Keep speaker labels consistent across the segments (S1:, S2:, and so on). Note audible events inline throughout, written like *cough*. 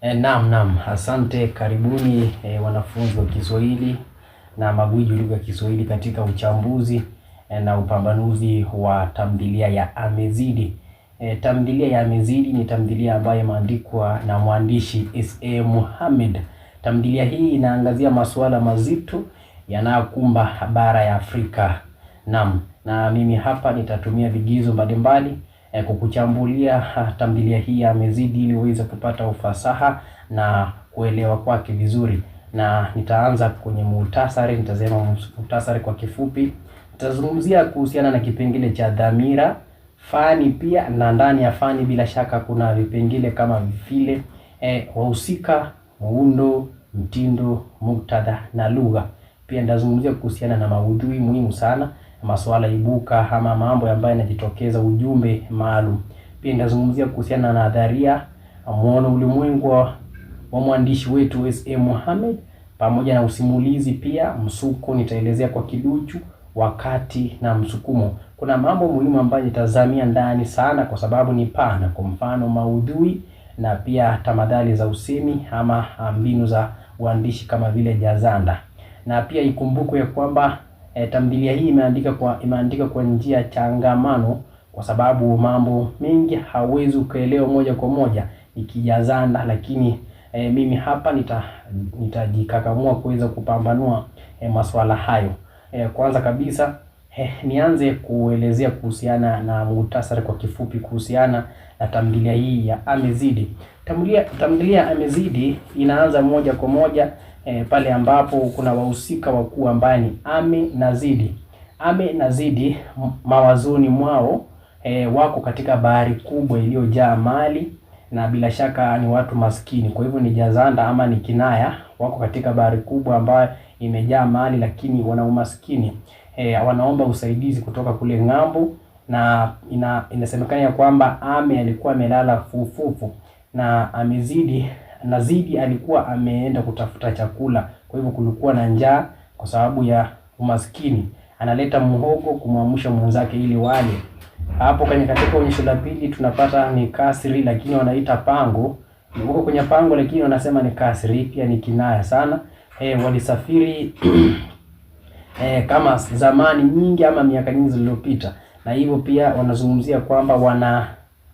S1: E, naam naam, asante. Karibuni e, wanafunzi wa Kiswahili na magwiji lugha ya Kiswahili katika uchambuzi e, na upambanuzi wa tamthilia ya Amezidi. E, tamthilia ya Amezidi ni tamthilia ambayo imeandikwa na mwandishi S.A. Muhammad. Tamthilia hii inaangazia masuala mazito yanayokumba bara ya Afrika. Naam, na mimi hapa nitatumia vigizo mbalimbali eh, kukuchambulia tamthilia hii amezidi, ili uweze kupata ufasaha na kuelewa kwake vizuri, na nitaanza kwenye muhtasari. Nitasema muhtasari kwa kifupi, nitazungumzia kuhusiana na kipengele cha dhamira, fani pia na ndani ya fani, bila shaka kuna vipengele kama vile eh, wahusika, muundo, mtindo, muktadha na lugha. Pia nitazungumzia kuhusiana na maudhui muhimu sana masuala ibuka ama mambo ambayo yanajitokeza, ujumbe maalum. Pia nitazungumzia kuhusiana na nadharia, muono ulimwengu wa mwandishi wetu S.A. Mohammed pamoja na usimulizi pia msuko, nitaelezea kwa kiduchu wakati na msukumo. Kuna mambo muhimu ambayo nitazamia ndani sana, kwa sababu ni pana, kwa mfano maudhui na pia tamadhali za usemi ama mbinu za uandishi kama vile jazanda, na pia ikumbukwe ya kwamba E, tamthilia hii imeandika kwa imeandika kwa njia changamano kwa sababu mambo mengi hawezi ukaelewa moja kwa moja ikijazana, lakini e, mimi hapa nita nitajikakamua kuweza kupambanua e, eh, masuala hayo. E, kwanza kabisa e, nianze kuelezea kuhusiana na muhtasari kwa kifupi kuhusiana na tamthilia hii ya Amezidi. Tamthilia tamthilia Amezidi inaanza moja kwa moja e, pale ambapo kuna wahusika wakuu ambaye ni Ame na Zidi. Ame na Zidi mawazoni mwao e, wako katika bahari kubwa iliyojaa mali na bila shaka ni watu maskini, kwa hivyo ni jazanda ama ni kinaya. Wako katika bahari kubwa ambayo imejaa mali, lakini wana umaskini e, wanaomba usaidizi kutoka kule ng'ambo na ina, inasemekana ya kwamba Ame alikuwa amelala fufufu na amezidi na Zidi alikuwa ameenda kutafuta chakula, kwa hivyo kulikuwa na njaa kwa sababu ya umaskini. Analeta muhogo kumwamsha mwenzake ili wale. Hapo kwenye katika onyesho la pili tunapata ni kasri, lakini wanaita pango huko kwenye pango, lakini wanasema ni kasri, pia ni kinaya sana. E, walisafiri e, *clears throat* kama zamani nyingi ama miaka nyingi zilizopita na hivyo pia wanazungumzia kwamba wana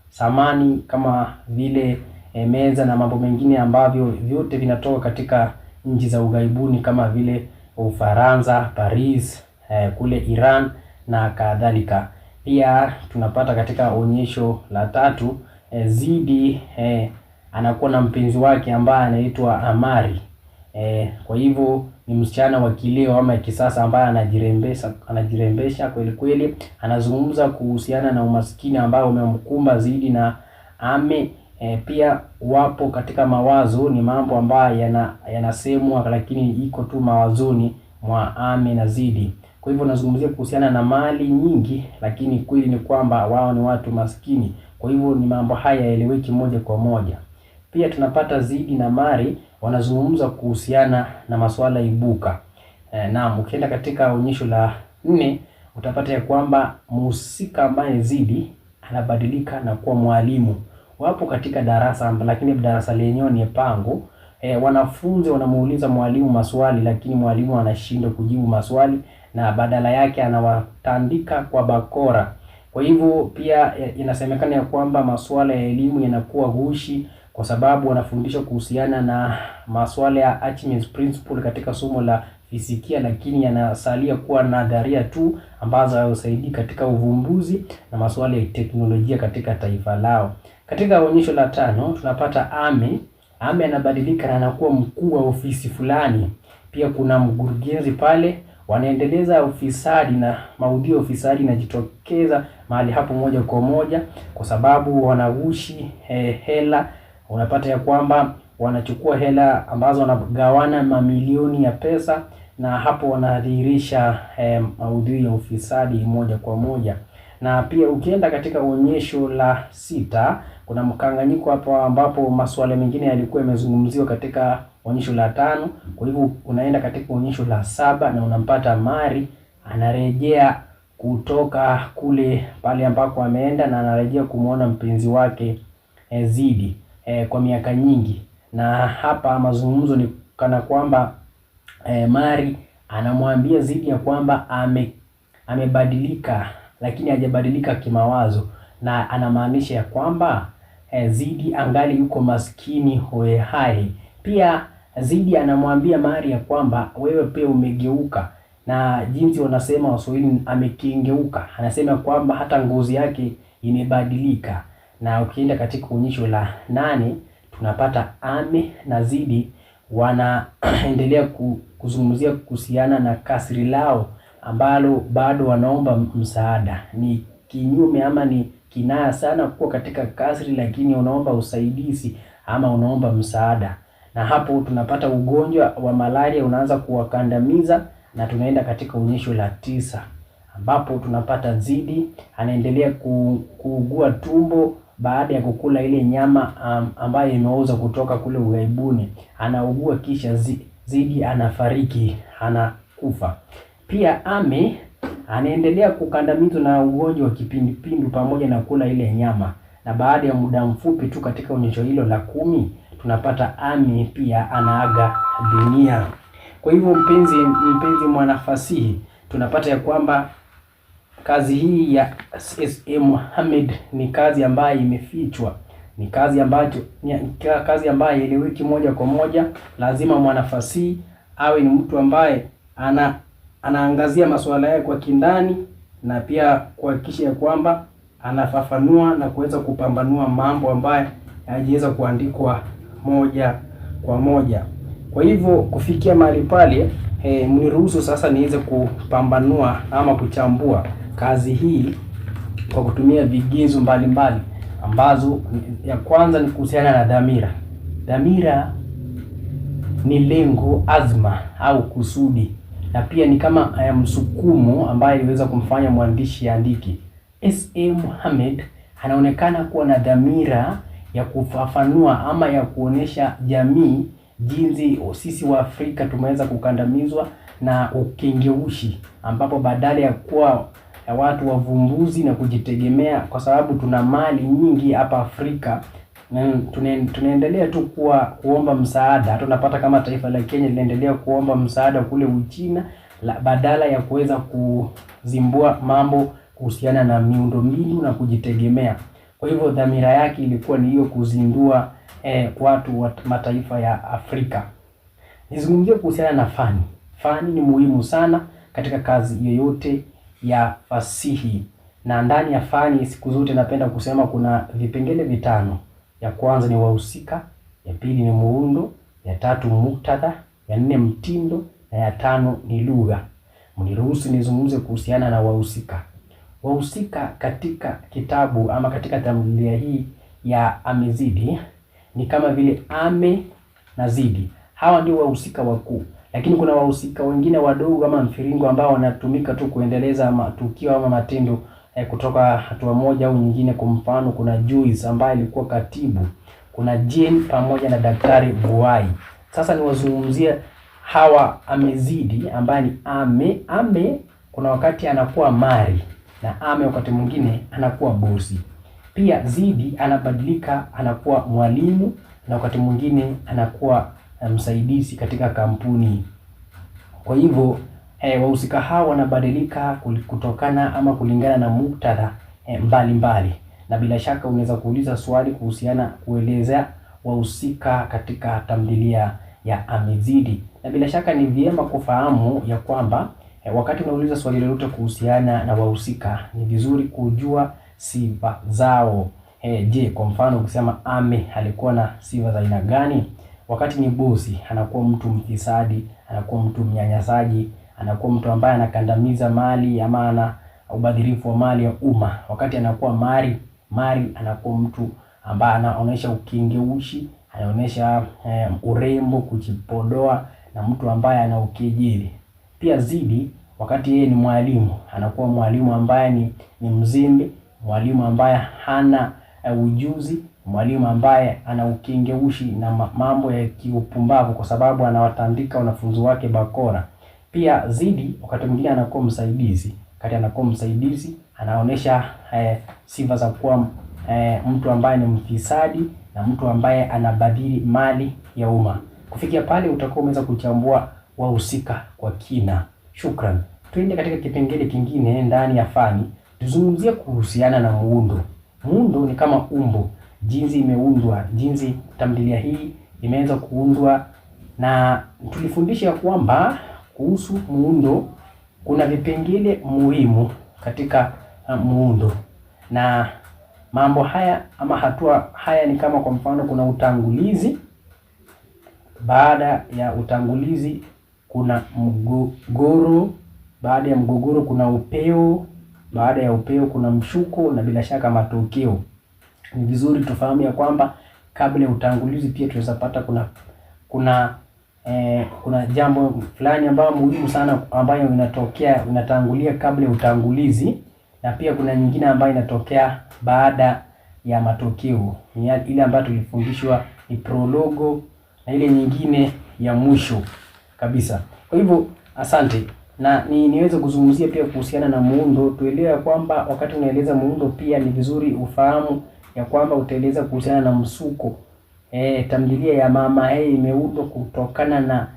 S1: samani kama vile e, meza na mambo mengine ambavyo vyote vinatoka katika nchi za ughaibuni kama vile Ufaransa, Paris, e, kule Iran na kadhalika. Pia tunapata katika onyesho la tatu e, Zidi e, anakuwa na mpenzi wake ambaye anaitwa Amari. E, kwa hivyo ni msichana wa kileo ama kisasa ambaye anajirembesha anajirembesha kweli kweli. Anazungumza kuhusiana na umaskini ambao umemkumba zaidi na ame e, pia wapo katika mawazo. Ni mambo ambayo yana, yanasemwa lakini iko tu mawazoni mwa ame na zidi. Kwa hivyo nazungumzia kuhusiana na mali nyingi, lakini kweli ni kwamba wao ni watu maskini. Kwa hivyo ni mambo haya yaeleweki moja kwa moja. Pia tunapata zidi na mari wanazungumza kuhusiana na masuala ibuka. E, naam, ukienda katika onyesho la nne utapata ya kwamba mhusika ambaye Zidi anabadilika na kuwa mwalimu. Wapo katika darasa lakini darasa lenyewe ni pango. E, wanafunzi wanamuuliza mwalimu maswali lakini mwalimu anashindwa kujibu maswali na badala yake anawatandika kwa bakora. Kwa hivyo pia eh, inasemekana ya kwamba masuala ya elimu yanakuwa gushi kwa sababu wanafundisha kuhusiana na masuala ya Archimedes principle katika somo la fizikia, lakini yanasalia kuwa nadharia tu ambazo hayasaidii katika uvumbuzi na masuala ya teknolojia katika taifa lao. Katika onyesho la tano tunapata Ame. Ame anabadilika na anakuwa mkuu wa ofisi fulani, pia kuna mkurugenzi pale wanaendeleza ufisadi na maudhi ya ufisadi inajitokeza mahali hapo moja kwa moja, kwa sababu wanagushi eh, hela unapata ya kwamba wanachukua hela ambazo wanagawana mamilioni ya pesa, na hapo wanadhihirisha eh, maudhui ya ufisadi moja kwa moja. Na pia ukienda katika onyesho la sita, kuna mkanganyiko hapo, ambapo masuala mengine yalikuwa yamezungumziwa katika onyesho la tano. Kwa hivyo unaenda katika onyesho la saba na unampata Mari anarejea kutoka kule pale ambako ameenda na anarejea kumwona mpenzi wake eh, Zidi eh, kwa miaka nyingi, na hapa mazungumzo ni kana kwamba eh, Mari anamwambia Zidi ya kwamba ame, amebadilika lakini hajabadilika kimawazo, na anamaanisha ya kwamba e, eh, Zidi angali yuko maskini hoe hai. Pia Zidi anamwambia Mari ya kwamba wewe pia umegeuka na jinsi wanasema Waswahili amekingeuka Anasema kwamba hata ngozi yake imebadilika na ukienda katika onyesho la nane tunapata Ame na zidi wanaendelea kuzungumzia kuhusiana na kasri lao ambalo bado wanaomba msaada. Ni kinyume ama ni kinaya sana kuwa katika kasri, lakini unaomba usaidizi ama unaomba msaada, na hapo tunapata ugonjwa wa malaria unaanza kuwakandamiza, na tunaenda katika onyesho la tisa ambapo tunapata zidi anaendelea kuugua tumbo baada ya kukula ile nyama um, ambayo imeuza kutoka kule ughaibuni, anaugua kisha zidi anafariki, anakufa. Pia Ame anaendelea kukandamizwa na ugonjwa wa kipindupindu pamoja na kula ile nyama, na baada ya muda mfupi tu katika onyesho hilo la kumi tunapata Ame pia anaaga dunia. Kwa hivyo mpenzi mpenzi mwanafasihi tunapata ya kwamba Kazi hii ya SSA Mohamed ni kazi ambayo imefichwa, ni kazi ambayo kazi ambayo haieleweki moja kwa moja. Lazima mwanafasihi awe ni mtu ambaye ana anaangazia masuala yake kwa kindani na pia kuhakikisha ya kwamba anafafanua na kuweza kupambanua mambo ambayo hayajaweza kuandikwa moja kwa moja. Kwa hivyo kufikia mahali pale, eh, mniruhusu sasa niweze kupambanua ama kuchambua Kazi hii kwa kutumia vigezo mbalimbali ambazo ya kwanza ni kuhusiana na dhamira. Dhamira ni lengo, azma au kusudi, na pia ni kama eh, msukumo ambaye iliweza kumfanya mwandishi aandike. S.A. Mohamed anaonekana kuwa na dhamira ya kufafanua ama ya kuonesha jamii jinsi sisi wa Afrika tumeweza kukandamizwa na ukengeushi, ambapo badala ya kuwa ya watu wavumbuzi na kujitegemea, kwa sababu tuna mali nyingi hapa Afrika na tunaendelea tu kuwa kuomba msaada. Tunapata kama taifa la Kenya linaendelea kuomba msaada kule Uchina la, badala ya kuweza kuzimbua mambo kuhusiana na miundombinu na kujitegemea. Kwa hivyo dhamira yake ilikuwa ni hiyo, kuzindua eh, watu wa mataifa ya Afrika. Nizungumzie kuhusiana na fani. Fani ni muhimu sana katika kazi yoyote ya fasihi, na ndani ya fani siku zote napenda kusema kuna vipengele vitano. Ya kwanza ni wahusika, ya pili ni muundo, ya tatu muktadha, ya nne mtindo, na ya tano ni lugha. Mniruhusu nizungumze kuhusiana na wahusika. Wahusika katika kitabu ama katika tamthilia hii ya Amezidi ni kama vile ame na zidi. Hawa ndio wahusika wakuu lakini kuna wahusika wengine wadogo ama mfiringo ambao wanatumika tu kuendeleza matukio ama matendo eh, kutoka hatua moja au nyingine. Kwa mfano, kuna Joyce ambaye alikuwa katibu, kuna Jane pamoja na Daktari Vuai. Sasa niwazungumzie hawa amezidi, ambaye ni ame ame, kuna wakati anakuwa mari na ame, wakati mwingine anakuwa bosi pia. Zidi anabadilika, anakuwa mwalimu na wakati mwingine anakuwa msaidizi katika kampuni. Kwa hivyo e, wahusika hawa wanabadilika kutokana ama kulingana na muktadha e, eh, mbalimbali, na bila shaka unaweza kuuliza swali kuhusiana kuelezea wahusika katika tamthilia ya Amezidi, na bila shaka ni vyema kufahamu ya kwamba e, wakati unauliza swali lolote kuhusiana na wahusika ni vizuri kujua sifa zao. E, je, kwa mfano ukisema Ame alikuwa na sifa za aina gani? Wakati ni bosi, anakuwa mtu mfisadi, anakuwa mtu mnyanyasaji, anakuwa mtu ambaye anakandamiza mali ya maana ubadhirifu wa mali ya umma. Wakati anakuwa mari mali, anakuwa mtu ambaye anaonesha ukingeushi anaonesha eh, urembo, kujipodoa na mtu ambaye ana ukijili Pia zidi, wakati yeye ni mwalimu, anakuwa mwalimu ambaye ni, ni mzimbi, mwalimu ambaye hana eh, ujuzi mwalimu ambaye ana ukengeushi na mambo ya kiupumbavu kwa sababu anawatandika wanafunzi wake bakora. Pia Zidi wakati mwingine anakuwa msaidizi, wakati anakuwa msaidizi anaonyesha eh, sifa za kuwa eh, mtu ambaye ni mfisadi na mtu ambaye anabadili mali ya umma. Kufikia pale utakuwa umeweza kuchambua wahusika kwa kina. Shukran. Tuende katika kipengele kingine ndani ya fani, tuzungumzie kuhusiana na muundo. Muundo ni kama umbo jinsi imeundwa, jinsi tamthilia hii imeweza kuundwa, na tulifundisha kwamba kuhusu muundo, kuna vipengele muhimu katika uh, muundo na mambo haya ama hatua haya ni kama kwa mfano, kuna utangulizi. Baada ya utangulizi kuna mgogoro. Baada ya mgogoro kuna upeo. Baada ya upeo kuna mshuko, na bila shaka matokeo. Ni vizuri tufahamu ya kwamba kabla ya utangulizi pia tunaweza pata kuna kuna eh, kuna jambo fulani ambayo muhimu sana ambayo inatokea inatangulia kabla ya utangulizi, na pia kuna nyingine ambayo inatokea baada ya matokeo, ile ambayo tulifundishwa ni prologo na ile nyingine ya mwisho kabisa. Kwa hivyo asante na ni niweze kuzungumzia pia kuhusiana na muundo. Tuelewe kwamba wakati unaeleza muundo pia ni vizuri ufahamu ya kwamba utaeleza kuhusiana na msuko. E, tamthilia ya Mama E imeundwa kutokana na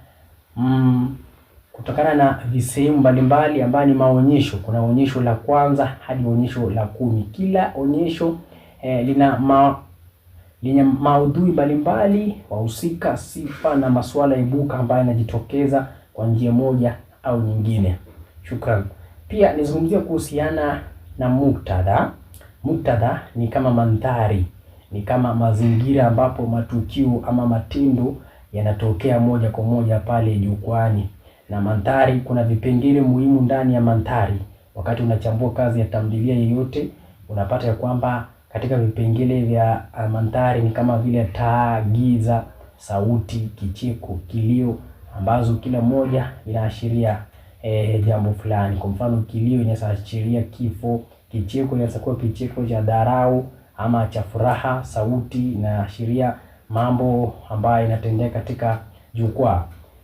S1: mm, kutokana na visehemu mbalimbali ambayo ni maonyesho. Kuna onyesho la kwanza hadi onyesho la kumi. Kila onyesho e, lina ma, lina maudhui mbalimbali, wahusika, sifa na masuala ibuka ambayo yanajitokeza kwa njia moja au nyingine. Shukran. Pia nizungumzie kuhusiana na muktadha. Muktadha ni kama mandhari, ni kama mazingira ambapo matukio ama matendo yanatokea moja kwa moja pale jukwani na mandhari, kuna vipengele muhimu ndani ya mandhari. Wakati unachambua kazi ya tamthilia yoyote, unapata ya kwamba katika vipengele vya ah, mandhari ni kama vile taa, giza, sauti, kicheko, kilio ambazo kila moja inaashiria eh, jambo fulani. Kwa mfano, kilio inaashiria kifo, Kicheko inaweza kuwa kicheko cha dharau ama cha furaha. Sauti inaashiria mambo ambayo inatendeka katika jukwaa.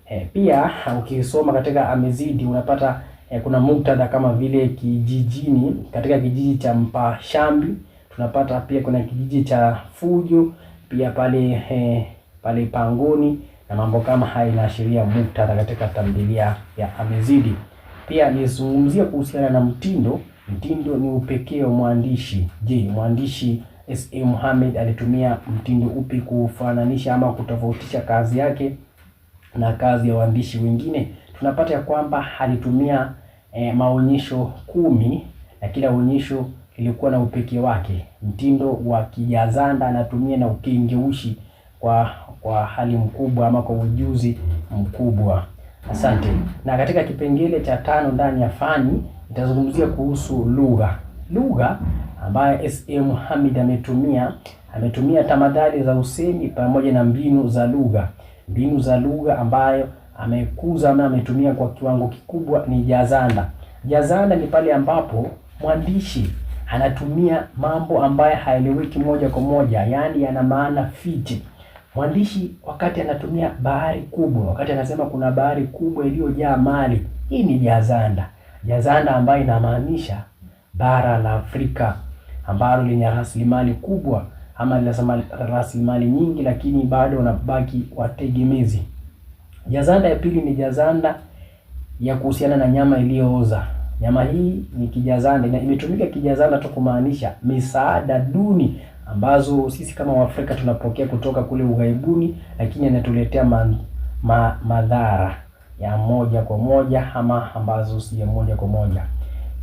S1: E, pia ukisoma katika Amezidi unapata e, kuna muktadha kama vile kijijini, katika kijiji cha Mpashambi tunapata pia kuna kijiji cha Fujo pia pale e, pale Pangoni na mambo kama haya inaashiria muktadha katika tamthilia ya Amezidi. Pia nizungumzie kuhusiana na mtindo Mtindo ni upekee wa mwandishi. Je, mwandishi S.A. Mohamed alitumia mtindo upi kufananisha ama kutofautisha kazi yake na kazi ya waandishi wengine? Tunapata ya kwamba alitumia e, maonyesho kumi na kila onyesho lilikuwa na upekee wake. Mtindo wa kijazanda anatumia na ukengeushi kwa kwa hali mkubwa ama kwa ujuzi mkubwa. Asante. Na katika kipengele cha tano ndani ya fani nitazungumzia kuhusu lugha, lugha ambayo S.A. Mohamed ametumia ametumia tamadhali za usemi pamoja na mbinu za lugha. Mbinu za lugha ambayo amekuza na ametumia kwa kiwango kikubwa ni jazanda. Jazanda ni pale ambapo mwandishi anatumia mambo ambayo haeleweki moja kwa moja, yaani yana maana fiti. Mwandishi wakati anatumia bahari kubwa, wakati anasema kuna bahari kubwa iliyojaa mali, hii ni jazanda. Jazanda ambayo inamaanisha bara la Afrika ambalo lenye rasilimali kubwa ama linasema rasilimali nyingi, lakini bado wanabaki wategemezi. Jazanda ya pili ni jazanda ya kuhusiana na nyama iliyooza. Nyama hii ni kijazanda na imetumika kijazanda tu kumaanisha misaada duni ambazo sisi kama Waafrika tunapokea kutoka kule ughaibuni, lakini inatuletea madhara ma, madhara ya moja kwa moja ama ambazo si ya moja kwa moja.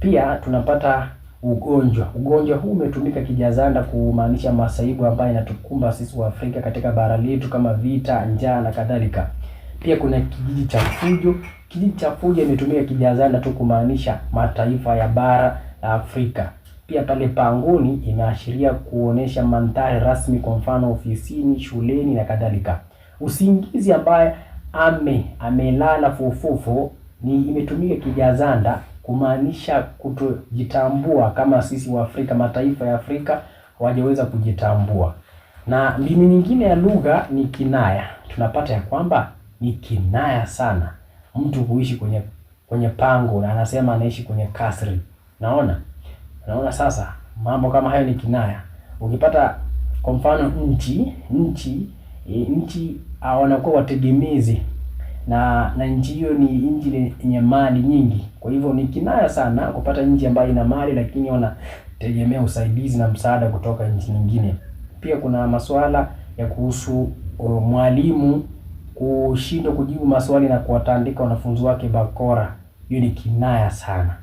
S1: Pia tunapata ugonjwa. Ugonjwa huu umetumika kijazanda kumaanisha masaibu ambayo yanatukumba sisi wa Afrika katika bara letu kama vita, njaa na kadhalika. Pia kuna kijiji cha fujo. Kijiji cha fujo imetumika kijazanda tu kumaanisha mataifa ya bara la Afrika. Pia pale panguni inaashiria kuonesha mandhari rasmi, kwa mfano ofisini, shuleni na kadhalika. Usingizi ambaye ame amelala fufufu ni imetumika kijazanda kumaanisha kutojitambua kama sisi wa Afrika, mataifa ya Afrika hawajaweza kujitambua. Na mbinu nyingine ya lugha ni kinaya. Tunapata ya kwamba ni kinaya sana mtu kuishi kwenye kwenye pango na anasema anaishi kwenye kasri. Naona naona sasa mambo kama hayo ni kinaya. Ukipata kwa mfano nchi nchi e, nchi Ah, wanakuwa wategemezi na na nchi hiyo ni nchi yenye mali nyingi. Kwa hivyo ni kinaya sana kupata nchi ambayo ina mali lakini wanategemea usaidizi na msaada kutoka nchi nyingine. Pia kuna masuala ya kuhusu uh, mwalimu kushindwa kujibu maswali na kuwatandika wanafunzi wake bakora. Hiyo ni kinaya sana.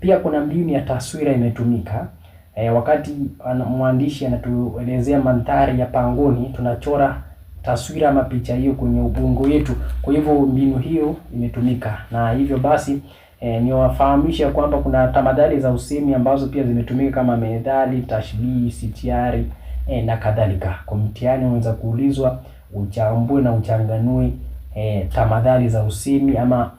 S1: Pia kuna mbinu ya taswira imetumika. E, wakati mwandishi anatuelezea mandhari ya pangoni tunachora taswira ama picha hiyo kwenye ubongo wetu Kwa hivyo mbinu hiyo imetumika, na hivyo basi e, niwafahamishe kwamba kuna tamadhali za usemi ambazo pia zimetumika kama methali, tashbihi, sitiari e, na kadhalika. Kwa mtihani unaweza kuulizwa uchambue na uchanganue e, eh, tamadhali za usemi ama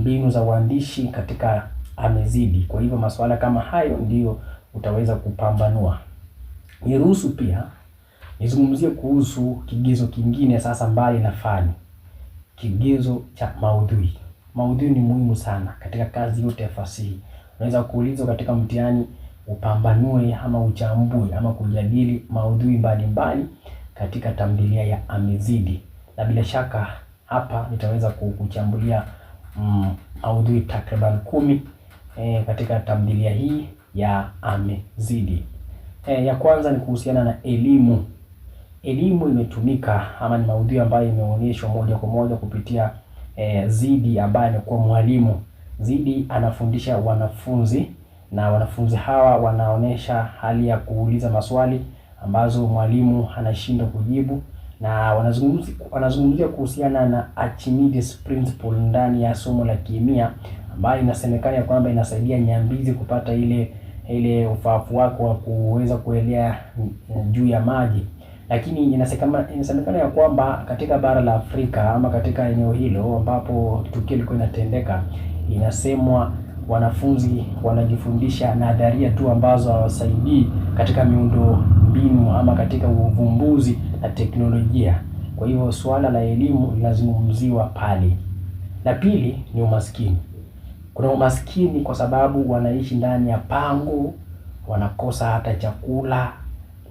S1: mbinu za uandishi katika amezidi. Kwa hivyo masuala kama hayo ndiyo utaweza kupambanua. Niruhusu pia Nizungumzie kuhusu kigezo kingine sasa, mbali na fani, kigezo cha maudhui. Maudhui ni muhimu sana katika kazi yote ya fasihi. Unaweza kuulizwa katika mtihani upambanue ama uchambue ama kujadili maudhui mbalimbali katika tamthilia ya Amizidi, na bila shaka hapa nitaweza kukuchambulia mm, maudhui takriban kumi e, katika tamthilia hii ya Amizidi. E, eh, ya kwanza ni kuhusiana na elimu elimu imetumika ama ni maudhui ambayo imeonyeshwa moja kwa moja kupitia e, Zidi ambaye amekuwa mwalimu. Zidi anafundisha wanafunzi na wanafunzi hawa wanaonesha hali ya kuuliza maswali ambazo mwalimu anashindwa kujibu, na wanazungumzia wanazungumzia kuhusiana na Archimedes principle ndani ya somo la kemia, ambayo inasemekana ya kwamba inasaidia nyambizi kupata ile ile ufahamu wako wa kuweza kuelea mm, juu ya maji lakini inasemekana ya kwamba katika bara la Afrika ama katika eneo hilo ambapo tukio liko inatendeka, inasemwa wanafunzi wanajifundisha nadharia tu ambazo hawasaidii katika miundo mbinu ama katika uvumbuzi na teknolojia. Kwa hivyo suala la elimu linazungumziwa pale. La pili ni umaskini. Kuna umaskini kwa sababu wanaishi ndani ya pango, wanakosa hata chakula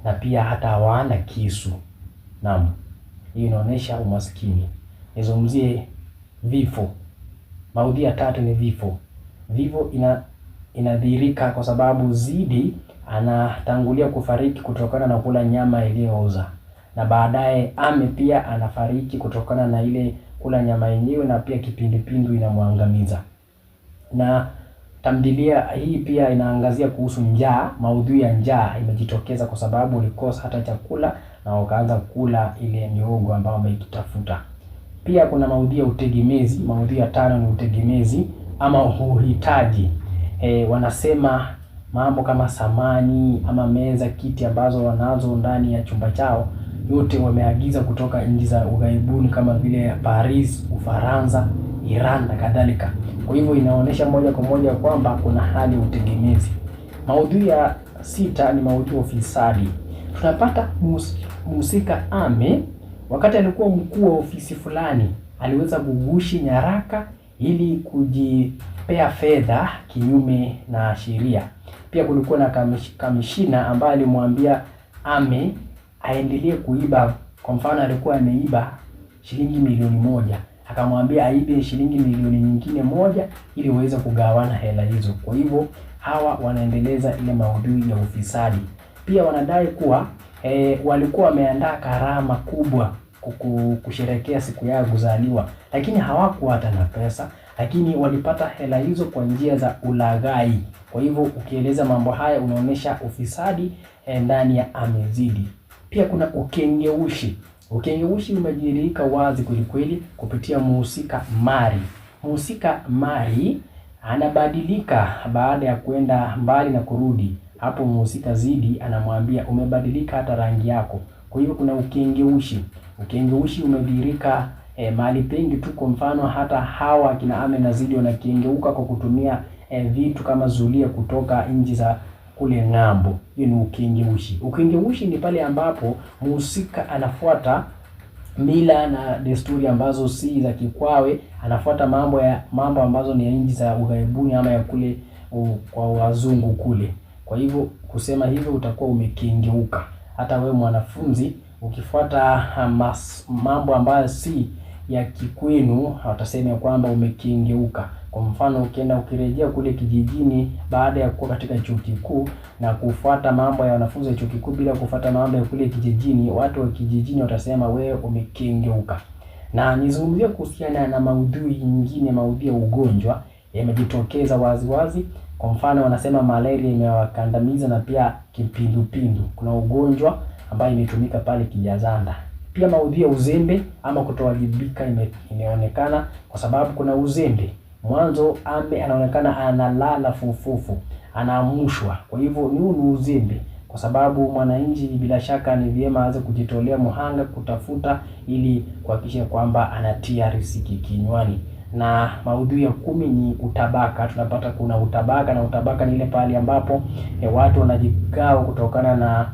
S1: na pia hata hawana kisu. Naam, hii inaonyesha umaskini. Nizungumzie vifo. Maudhi ya tatu ni vifo. Vifo ina inadhihirika kwa sababu Zidi anatangulia kufariki kutokana na kula nyama iliyooza, na baadaye Ame pia anafariki kutokana na ile kula nyama yenyewe, na pia kipindupindu inamwangamiza na Tamthilia hii pia inaangazia kuhusu njaa, maudhui ya njaa imejitokeza kwa sababu ulikosa hata chakula na ukaanza kula ile miogo ambayo umeitafuta. Pia kuna maudhui ya utegemezi. Maudhui ya tano ni utegemezi ama uhitaji. E, wanasema mambo kama samani ama meza, kiti ambazo wanazo ndani ya chumba chao, yote wameagiza kutoka nchi za ughaibuni kama vile Paris, Ufaransa. Iran na kadhalika. Kwa hivyo inaonyesha moja kwa moja kwamba kuna hali ya utegemezi. Maudhui ya sita ni maudhui ya ufisadi. Tunapata mhusika ame, wakati alikuwa mkuu wa ofisi fulani, aliweza kugushi nyaraka ili kujipea fedha kinyume na sheria. Pia kulikuwa na kamishina ambaye alimwambia ame aendelee kuiba. Kwa mfano, alikuwa ameiba shilingi milioni moja akamwambia aibe shilingi milioni nyingine moja ili waweze kugawana hela hizo. Kwa hivyo hawa wanaendeleza ile maudhui ya ufisadi. Pia wanadai kuwa e, walikuwa wameandaa karama kubwa kusherekea siku yao kuzaliwa, lakini hawakuwa hata na pesa, lakini walipata hela hizo kwa njia za ulaghai. Kwa hivyo ukieleza mambo haya unaonyesha ufisadi eh, ndani ya amezidi. Pia kuna ukengeushi ukengeushi umejirika wazi kwelikweli kupitia muhusika Mari. muhusika Mari anabadilika baada ya kwenda mbali na kurudi. Hapo muhusika Zidi anamwambia umebadilika hata rangi yako. Kwa hiyo kuna ukengeushi. Ukengeushi umedhihirika e, eh, mahali pengi tu. Kwa mfano hata hawa kina Ame na Zidi wanakengeuka kwa kutumia e, vitu kama zulia kutoka nchi za kule ng'ambo. Hiyo ni ukengeushi. Ukengeushi ni pale ambapo mhusika anafuata mila na desturi ambazo si za kikwawe, anafuata mambo ya mambo ambazo ni ya nchi za ughaibuni ama ya kule u, kwa wazungu kule. Kwa hivyo kusema hivyo utakuwa umekengeuka. Hata wewe mwanafunzi ukifuata ah, mambo ambayo si ya kikwenu watasema kwamba umekengeuka. Kwa mfano ukienda ukirejea kule kijijini baada ya kuwa katika chuo kikuu na kufuata mambo ya wanafunzi wa chuo kikuu bila kufuata mambo ya kule kijijini, watu wa kijijini watasema wewe umekengeuka. Na nizungumzie kuhusiana na maudhui nyingine, maudhui ya ugonjwa yamejitokeza waziwazi. Kwa mfano wanasema malaria imewakandamiza na pia kipindupindu. Kuna ugonjwa ambayo imetumika pale Kijazanda. Pia maudhui ya uzembe ama kutowajibika imeonekana kwa sababu kuna uzembe Mwanzo ame anaonekana analala fufufu, anaamushwa. Kwa hivyo ni huu ni uzembe, kwa sababu mwananchi bila shaka ni vyema aanze kujitolea muhanga kutafuta ili kuhakikisha kwamba anatia riziki kinywani. Na maudhui ya kumi ni utabaka. Tunapata kuna utabaka, na utabaka ni ile pahali ambapo eh, watu wanajigawa kutokana na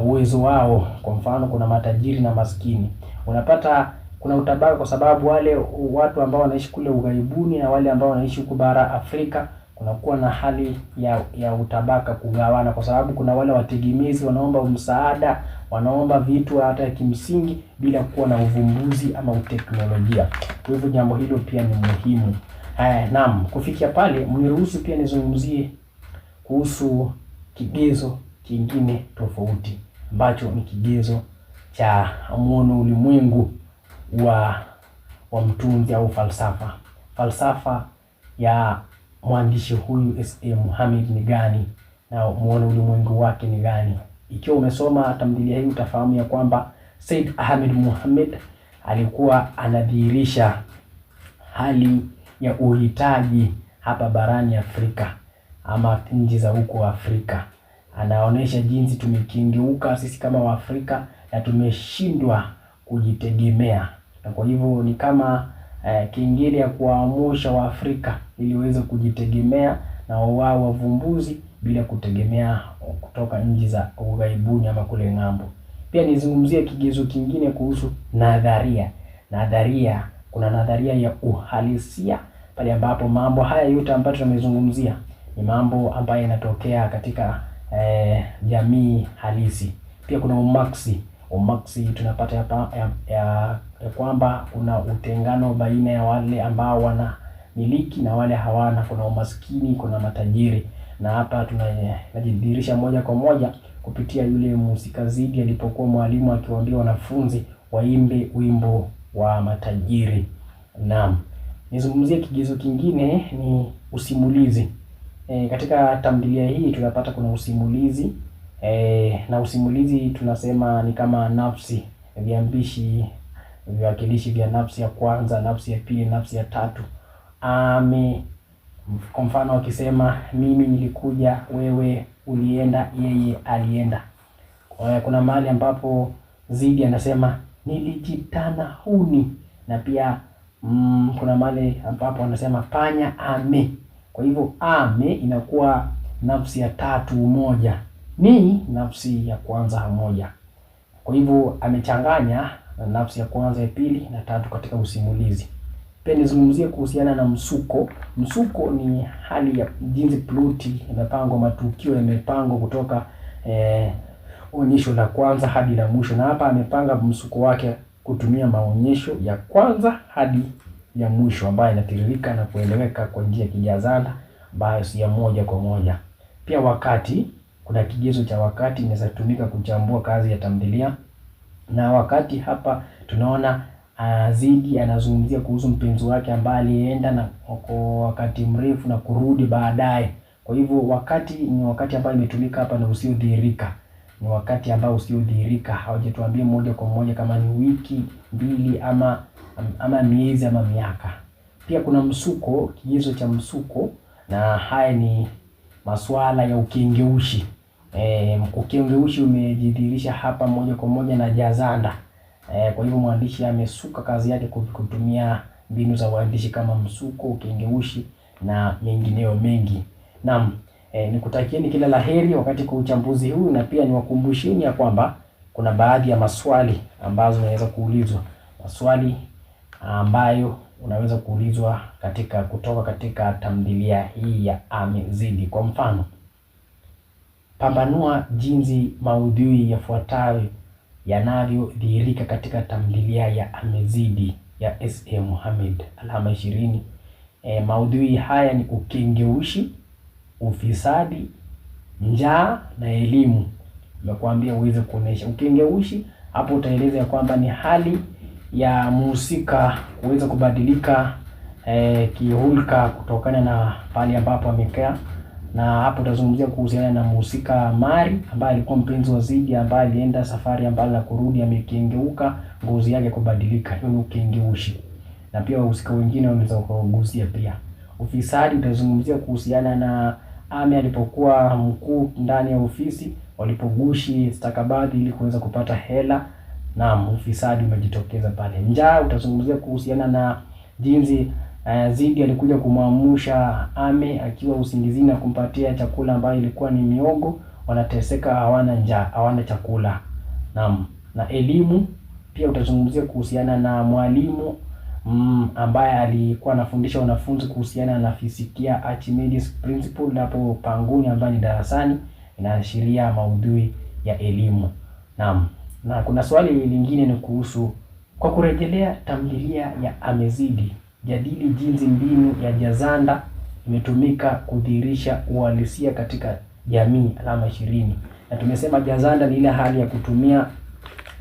S1: uwezo wao. Kwa mfano, kuna matajiri na maskini. Unapata kuna utabaka kwa sababu wale watu ambao wanaishi kule ughaibuni na wale ambao wanaishi huko bara Afrika kunakuwa na hali ya, ya utabaka kugawana, kwa sababu kuna wale wategemezi wanaomba msaada, wanaomba vitu hata kimsingi bila kuwa na uvumbuzi ama uteknolojia. Kwa hivyo jambo hilo pia ni muhimu. Haya, naam, kufikia pale mniruhusu pia nizungumzie kuhusu kigezo kingine tofauti ambacho ni kigezo cha muono ulimwengu wa, wa mtunzi au falsafa falsafa ya mwandishi huyu S.A. Muhammad ni gani na muone ulimwengu wake ni gani. Ikiwa umesoma tamthilia hii utafahamu ya kwamba Said Ahmed Muhammad alikuwa anadhihirisha hali ya uhitaji hapa barani Afrika ama nchi za huko Afrika. Anaonyesha jinsi tumekingeuka sisi kama Waafrika na tumeshindwa kujitegemea na kwa hivyo ni kama eh, kingine ya kuwaamsha Waafrika ili waweze kujitegemea na wao wavumbuzi bila kutegemea kutoka nchi za ughaibuni ama kule ng'ambo. Pia nizungumzie kigezo kingine kuhusu nadharia. Nadharia, kuna nadharia ya uhalisia pale ambapo mambo haya yote ambayo tumezungumzia ni mambo ambayo yanatokea katika eh, jamii halisi. Pia kuna umaksi. Umaksi tunapata ya, ya, ya kwamba kuna utengano baina ya wale ambao wana miliki na wale hawana. Kuna umaskini, kuna matajiri, na hapa tunajidhihirisha moja kwa moja kupitia yule mhusika Zidi alipokuwa mwalimu akiwaambia wanafunzi waimbe wimbo wa matajiri. Naam, nizungumzie kigezo kingine ni usimulizi. E, katika tamthilia hii tunapata kuna usimulizi e, na usimulizi tunasema ni kama nafsi, viambishi viwakilishi vya nafsi ya kwanza, nafsi ya pili, nafsi ya tatu. Ame kwa mfano akisema mimi nilikuja, wewe ulienda, yeye alienda. Kwa kuna mahali ambapo Zidi anasema nilijitana huni, na pia mm, kuna mahali ambapo anasema panya ame. Kwa hivyo ame inakuwa nafsi ya tatu moja ni nafsi ya kwanza moja. Kwa hivyo amechanganya na nafsi ya kwanza, ya pili na tatu katika usimulizi. Pia nizungumzie kuhusiana na msuko. Msuko ni hali ya jinsi ploti imepangwa, matukio yamepangwa kutoka eh, onyesho la kwanza hadi la mwisho, na hapa amepanga msuko wake kutumia maonyesho ya kwanza hadi ya mwisho ambayo inatiririka na kueleweka kwa njia ya kijazana ambayo si ya moja kwa moja. Pia wakati, kuna kigezo cha wakati inaweza tumika kuchambua kazi ya tamthilia na wakati hapa tunaona ah, Ziggy anazungumzia kuhusu mpenzi wake ambaye alienda na kwa wakati mrefu na kurudi baadaye. Kwa hivyo wakati ni wakati ambao imetumika hapa na usiodhihirika, ni wakati ambao usiodhihirika. Hawajatuambia moja kwa moja kama ni wiki mbili ama ama miezi ama miaka. Pia kuna msuko, kigezo cha msuko, na haya ni masuala ya ukengeushi. E, eh, ukimbiushi umejidhihirisha hapa moja kwa moja na jazanda. eh, kwa hivyo mwandishi amesuka kazi yake kutumia mbinu za uandishi kama msuko, ukengeushi na mengineyo mengi. Naam, eh, nikutakieni kila laheri wakati kwa uchambuzi huu na pia niwakumbusheni ya kwamba kuna baadhi ya maswali ambazo unaweza kuulizwa, maswali ambayo unaweza kuulizwa katika kutoka katika tamthilia hii ya Amezidi. Kwa mfano Pambanua jinsi maudhui yafuatayo yanavyodhihirika katika tamthilia ya Amezidi ya S.A. Mohamed, alama ishirini. E, eh, maudhui haya ni ukengeushi, ufisadi, njaa na elimu. Nimekuambia uweze kuonesha ukengeushi. Hapo utaeleza ya kwamba ni hali ya mhusika kuweza kubadilika e, kihulka kutokana na pale ambapo amekaa na hapo utazungumzia kuhusiana na mhusika Mari ambaye alikuwa mpenzi wa Zidi ambaye alienda safari ambayo na kurudi amekengeuka, ngozi yake kubadilika, hiyo ni ukengeushi. Na pia wahusika wengine wanaweza kugusia pia. Ufisadi utazungumzia kuhusiana na Ame alipokuwa mkuu ndani ya ofisi, walipogushi stakabadhi ili kuweza kupata hela, na ufisadi umejitokeza pale. Njaa utazungumzia kuhusiana na jinsi Eh, Zidi alikuja kumwamsha Ame akiwa usingizini na kumpatia chakula ambayo ilikuwa ni miogo. Wanateseka, hawana njaa, hawana chakula. Naam, na elimu pia utazungumzia kuhusiana na mwalimu mm, ambaye alikuwa anafundisha wanafunzi kuhusiana na fisikia Archimedes principle, hapo panguni ambaye ni darasani, inaashiria maudhui ya elimu. Naam, na kuna swali lingine ni kuhusu kwa kurejelea tamthilia ya Amezidi jadili jinsi mbinu ya jazanda imetumika kudhihirisha uhalisia katika jamii. Alama ishirini. Na tumesema jazanda ni ile hali ya kutumia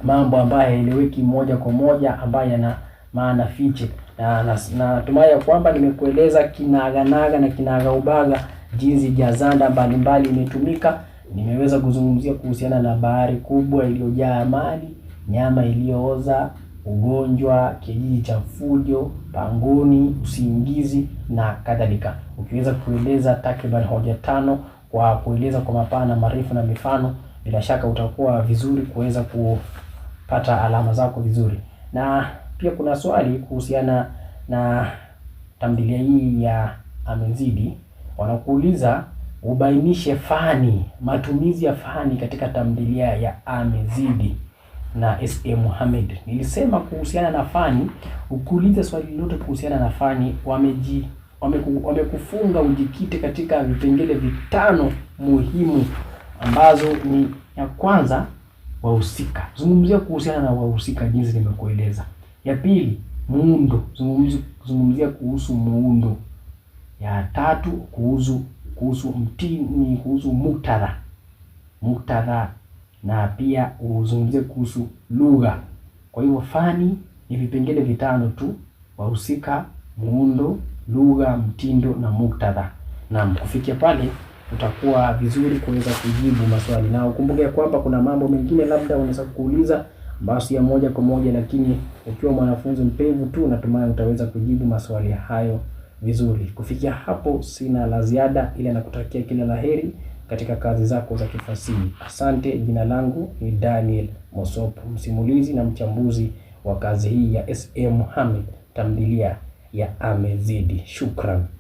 S1: mambo ambayo haeleweki moja kwa moja, ambayo yana maana fiche, na natumai na ya kwamba nimekueleza kinaganaga na kinagaubaga jinsi jazanda mbalimbali imetumika. Nimeweza kuzungumzia kuhusiana na bahari kubwa iliyojaa mali, nyama iliyooza ugonjwa, kijiji cha fujo, pangoni, usingizi na kadhalika, ukiweza kueleza takriban hoja tano kwa kueleza kwa mapana, marefu na mifano, bila shaka utakuwa vizuri kuweza kupata alama zako vizuri. Na pia kuna swali kuhusiana na tamthilia hii ya Amezidi, wanakuuliza ubainishe fani, matumizi ya fani katika tamthilia ya Amezidi na SA Mohamed. Nilisema kuhusiana na fani, ukiuliza swali lolote kuhusiana na fani, wameji wamekufunga wamekufunga ujikite katika vipengele vitano muhimu ambazo ni ya kwanza, wahusika. Zungumzia kuhusiana na wahusika jinsi nimekueleza. Ya pili, muundo. Zungumzia kuhusu muundo. Ya tatu, kuhusu kuhusu mtini, kuhusu muktadha. Muktadha na pia uzungumzie kuhusu lugha. Kwa hivyo fani ni vipengele vitano tu: wahusika, muundo, lugha, mtindo na muktadha. Naam, kufikia pale utakuwa vizuri kuweza kujibu maswali, na ukumbuke kwamba kuna mambo mengine labda unaweza kuuliza basi ya moja kwa moja, lakini ukiwa mwanafunzi mpevu tu, natumai utaweza kujibu maswali hayo vizuri. Kufikia hapo, sina la ziada, ila nakutakia kila la heri katika kazi zako za kifasihi. Asante. Jina langu ni Daniel Mosop, msimulizi na mchambuzi wa kazi hii ya S.A. Mohamed, tamthilia ya Amezidi. Shukran.